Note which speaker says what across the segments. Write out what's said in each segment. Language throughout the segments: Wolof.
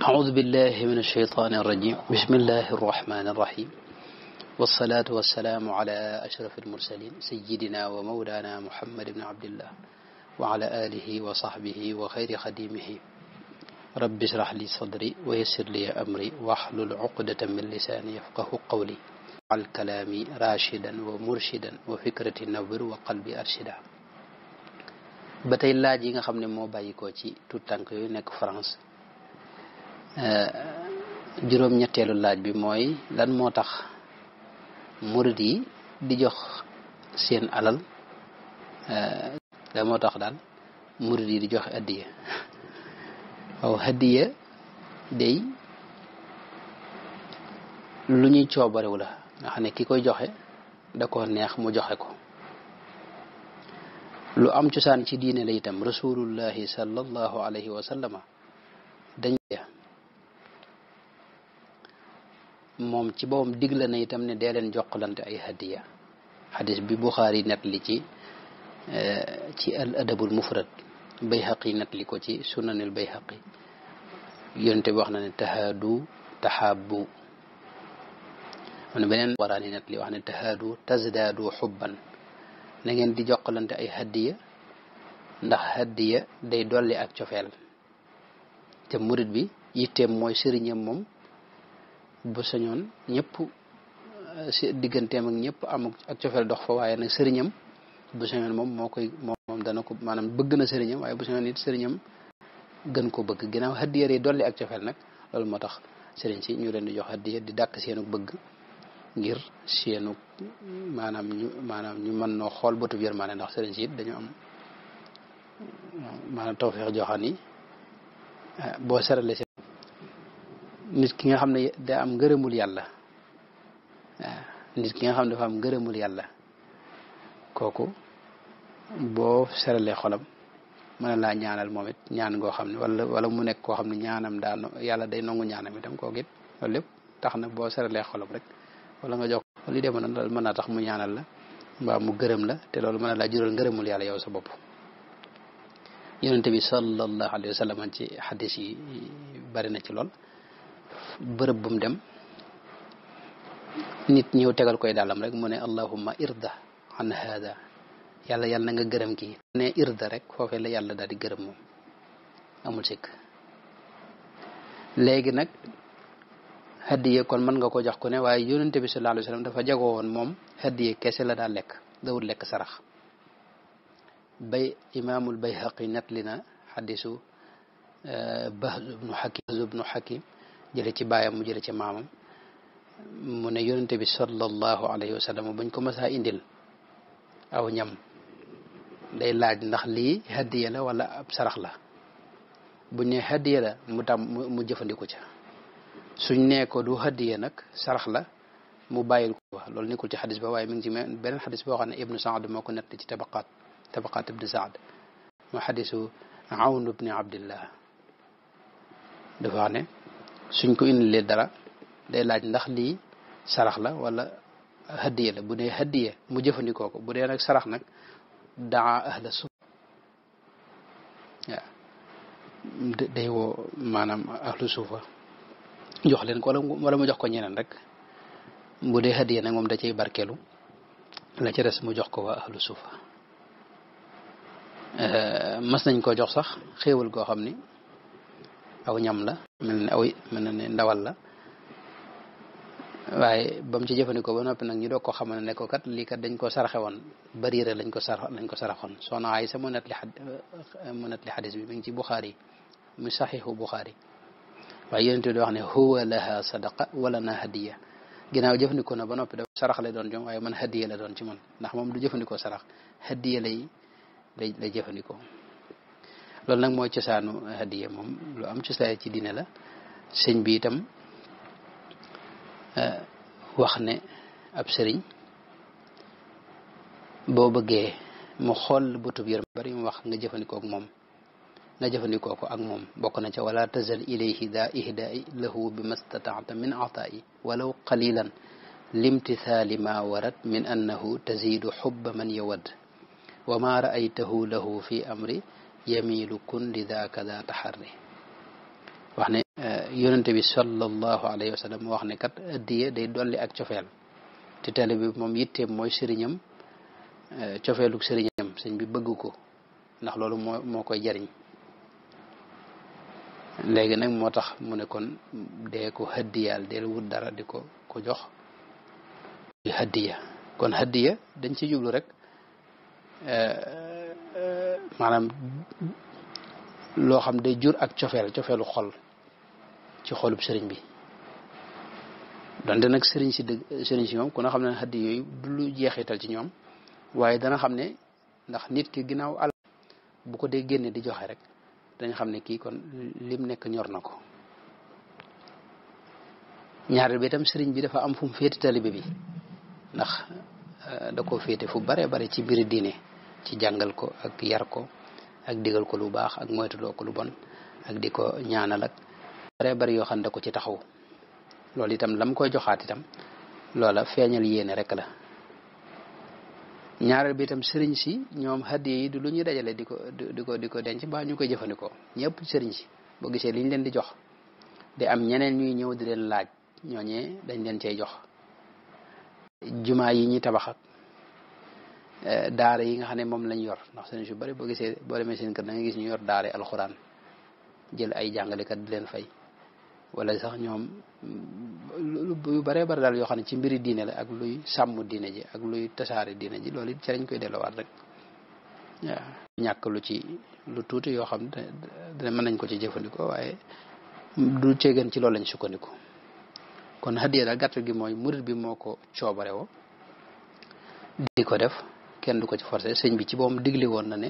Speaker 1: أعوذ بالله من الشيطان الرجيم بسم الله الرحمن الرحيم والصلاة والسلام على أشرف المرسلين سيدنا ومولانا محمد بن عبد الله وعلى آله وصحبه وخير خديمه رب اشرح لي صدري ويسر لي أمري واحلل عقدة من لساني يفقه قولي على الكلام راشدا ومرشدا وفكرة نور وقلبي أرشدا ba laaj yi nga xam ne moo bàyyikoo ci tout nekk France Euh, juróom ñetteelu laaj bi mooy lan moo tax murit yi di jox seen alal euh, lan moo tax daal murit yi di jox addiya waaw addiya day lu ñuy coobarewu la nga ne ki koy joxe da ko neex mu joxe ko lu am cosaan ci diine la itam rasulullahi sallallahu alayhi wa sallama dañ moom ci boppam digle na itam ne dee leen jokkalante ay hadiya xadis bi Buxaari net li ci eh, ci al adabul mufrad bayhaqi net li ko ci sunanil bayhaqi yonente bi wax na ne tahaadu tahaabbu am na beneen waraani net li wax ne tahaadu tazdaadu xubban nangeen ngeen di jokkalante ay hadiya ndax hadiya day dolli ak cofeel te murit bi yitteem mooy sëriñam moom bu sañoon ñëpp euh, si digganteem ak ñëpp amuk ak cofeel dox fa waaye nag sëriñam bu sañoon moom moo koy moom dana ko maanaam bëgg na sëriñam waaye bu sañoon it sëriñam gën ko bëgg ginnaaw haddiyar yi dolli ak cofeel nag loolu moo tax sëriñ si ñu leen di jox haddiya di dàkk seenu bëgg ngir seenu maanaam ñu maanaam ñu mën noo xool bëtub yërmaane ndax sëriñ si dañu am maanaam joxaan yi euh, boo nit ki nga xam ne da am ngërëmul yàlla waaw nit ki nga xam ne dafa am ngërëmul yàlla kooku boo seralee xolam mën laa ñaanal moom it ñaan ngoo xam ne wala wala mu nekk koo xam ne ñaanam daa yàlla day nangu ñaanam itam kooku it loolu lépp tax na boo seralee xolam rek wala nga jox li demoon mën naa tax mu ñaanal la mbaa mu gërëm la te loolu mën na laa jural ngërëmul yàlla yow sa bopp yonente bi sallallahu alayhi wa sallam ci xadis yi bari na ci lool bërëb bu mu dem nit ñëw tegal koy dàllam rek mu ne allahumma irda an hada yàlla yàlla na nga gërëm ki ne irda rek foofee la yàlla daal di gërëm moom amul sikk léegi nag hadiye kon mën nga ko jox ko ne waaye yonente bi sallallahu dafa jagoo woon moom hadiye kese la daal lekk dawul lekk sarax bay imaamul bayhaqi net li na xadisu eh, bahz ibnu hakim jële ci baayam mu jële ci maamam mu ne yonente bi sallallahu alayhi wa sallam buñ ko ma masaa indil aw ñam day laaj ndax lii hadiya la wala ab sarax la buñ ne hadiya la mu tam mu jëfandiku ca suñ nee ko du hadiya nag sarax la mu bàyyil ko wax loolu nekkul ci xadis ba waaye mi ngi ci beneen xadis boo xam ne ibnu saad moo ko nett ci tabaqaat tabaqaat ibnu saad moo xadisu awn ibni abdillah dafa wax ne suñ ko indilee dara day laaj ndax lii sarax la wala hadiya la bu dee hadiya mu jëfandikoo ko bu dee rek sarax nag daa ahla su waaw day woo maanaam ahlu suufa jox leen ko wala mu jox ko ñeneen rek bu dee hadiya nag moom da cay barkeelu la ci des mu jox ko wa ahlu suufa eh, mas nañ ko jox sax xéewal goo xam ni aw ñam la mel ne aw mel ne ndawal la waaye ba mu ci jëfandikoo ba noppi nag ñu doog ko xamal ne ko kat lii kat dañ ko sarxe woon bariire lañ ko sar lañ ko saraxoon soxna Aysa mu net li xad mu net li xadis bi mi ngi ci Buxaari mu saxiixu Buxaari waaye yonent bi di wax ne huwa laha sadaqa wala na hadiya ginnaaw jëfandikoo na ba noppi da sarax lay doon jom waaye man hadiya la doon ci man ndax moom du jëfandikoo sarax hadiya lay lay lay jëfandikoo loolu nag mooy cosaanu hadiya moom lu am cosaay ci diine la sëñ bi itam wax ne ab sëriñ boo bëggee mu xool bëtub yërëm bari mu wax nga jëfandikoo ak moom nga jëfandikoo ko ak moom bokk na ca wala tazal ilayhi daa ihdaai lahu bi mastataata min ataai walaw qalilan limtithaali ma warat min annahu tazidu xubba man yawad wa ma raaytahu lahu fi amri yamiilu kun li daaka daa taxarri wax ne eh, yonente bi sallallahu alayhi wa sallam wax ne kat addiye day dolli ak cofeel te tali bi moom yitteem mooy sëriñam eh, cofeelu sëriñam sëñ bi bëgg ko ndax loolu moo moo koy jariñ léegi nag moo tax mu ne kon dee ko hëddiyaal deel wut dara di ko ko jox di hëddiya kon hëddiya dañ ci jublu rek eh, maanaam loo xam day jur ak cofeel cofeelu xol ci xolub sëriñ bi donte nag sëriñ si dëgg sëriñ si moom ku na xam ne xaddi yooyu du lu jeexital ci ñoom waaye dana xam ne ndax nit ki ginnaaw àll bu ko dee génnee di joxe rek dañ xam ne kii kon lim nekk ñor na ko ñaareel bi itam sëriñ bi dafa am fu mu féete talibe bi ndax eh, da ko féete fu bare bare ci biir diine ci jàngal ko ak yar ko ak digal ko lu baax ak moytu ko lu bon ak di ko ñaanal ak bare bari yoo xam ne da ko ci taxaw loolu itam lam koy joxaat itam loola feeñal yéene rek la ñaareel bi itam sëriñ si ñoom hadiya yi du lu ñuy dajale di ko di ko di ko denc ba ñu koy jëfandikoo ñëpp sëriñ si boo gisee liñ leen di jox di am ñeneen ñuy ñëw di leen laaj ñooñee dañ leen cay jox jumaa yi ñuy tabax Eh, daara yi nga xam ne moom lañ yor ndax seen su bëri boo gisee boo demee seen kër da nga gis ñu yor daara alxuraan jël ay jàngalekat di leen fay wala sax ñoom lu bëree bëri daal yoo xam ne ci mbiri diine la ak luy sàmm diine ji ak luy tasaare diine ji loolu it ci lañ koy delluwaat rek waaw ci lu tuuti yoo xam ne mën nañ ko ci jëfandikoo waaye du ceegeen ci loolu lañ sukkandiku kon hadiya daal gàttal gi mooy murit bi moo ko coobare woo di ko def kenn du ko ci forcé sëñ bi ci boom digli woon na ne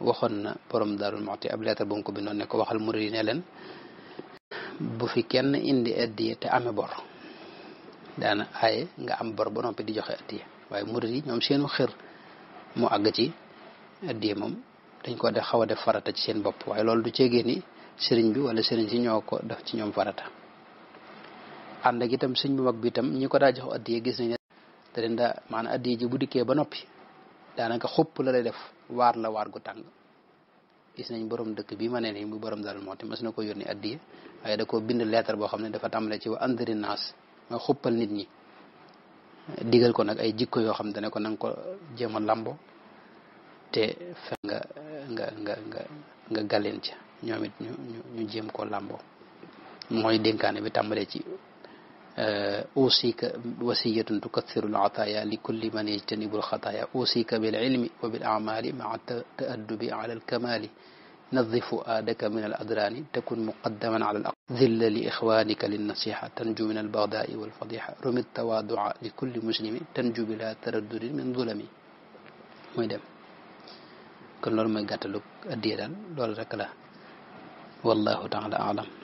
Speaker 1: waxoon na borom daarul muti ab lettre bu ko bindoon ne ko waxal murid ne leen bu fi kenn indi addi te amé bor daana ay nga am bor ba nopi di joxe addi waaye murid yi ñoom seenu xër mu àgg ci addi moom dañ ko def xaw a def farata ci seen bopp waaye loolu du ceegee ni sëriñ bi wala sëriñ si ñoo ko def ci ñoom farata ànd ak itam sëñ bu mag bi itam ñi ko daa jox addi gis nañ da leen daa maanaam addi ji bu dikkee ba noppi daanaka xupp la lay def waar la waar gu tàng gis nañ borom dëkk bii ma ne nii mu borom daal moo te mas na ko yónni addiye waaye da koo bind lettre boo xam ne dafa tàmbale ci wa andri naas nga xuppal nit ñi digal ko nag ay jikko yoo xam ne ko na ko jéem a lambo te fe nga nga nga nga galeen ca ñoom it ñu ñu jéem koo làmboo mooy dénkaane bi tàmbalee ci آه، أوصيك وصية تكثر العطايا لكل من يجتنب الخطايا أوصيك بالعلم وبالأعمال مع التأدب على الكمال نظف فؤادك من الأدران تكن مقدما على الأقل ذل لإخوانك للنصيحة تنجو من البغداء والفضيحة رم التواضع لكل مسلم تنجو بلا تردد من ظلم ويدم كل ما loolu الديران gàttalug addiye daal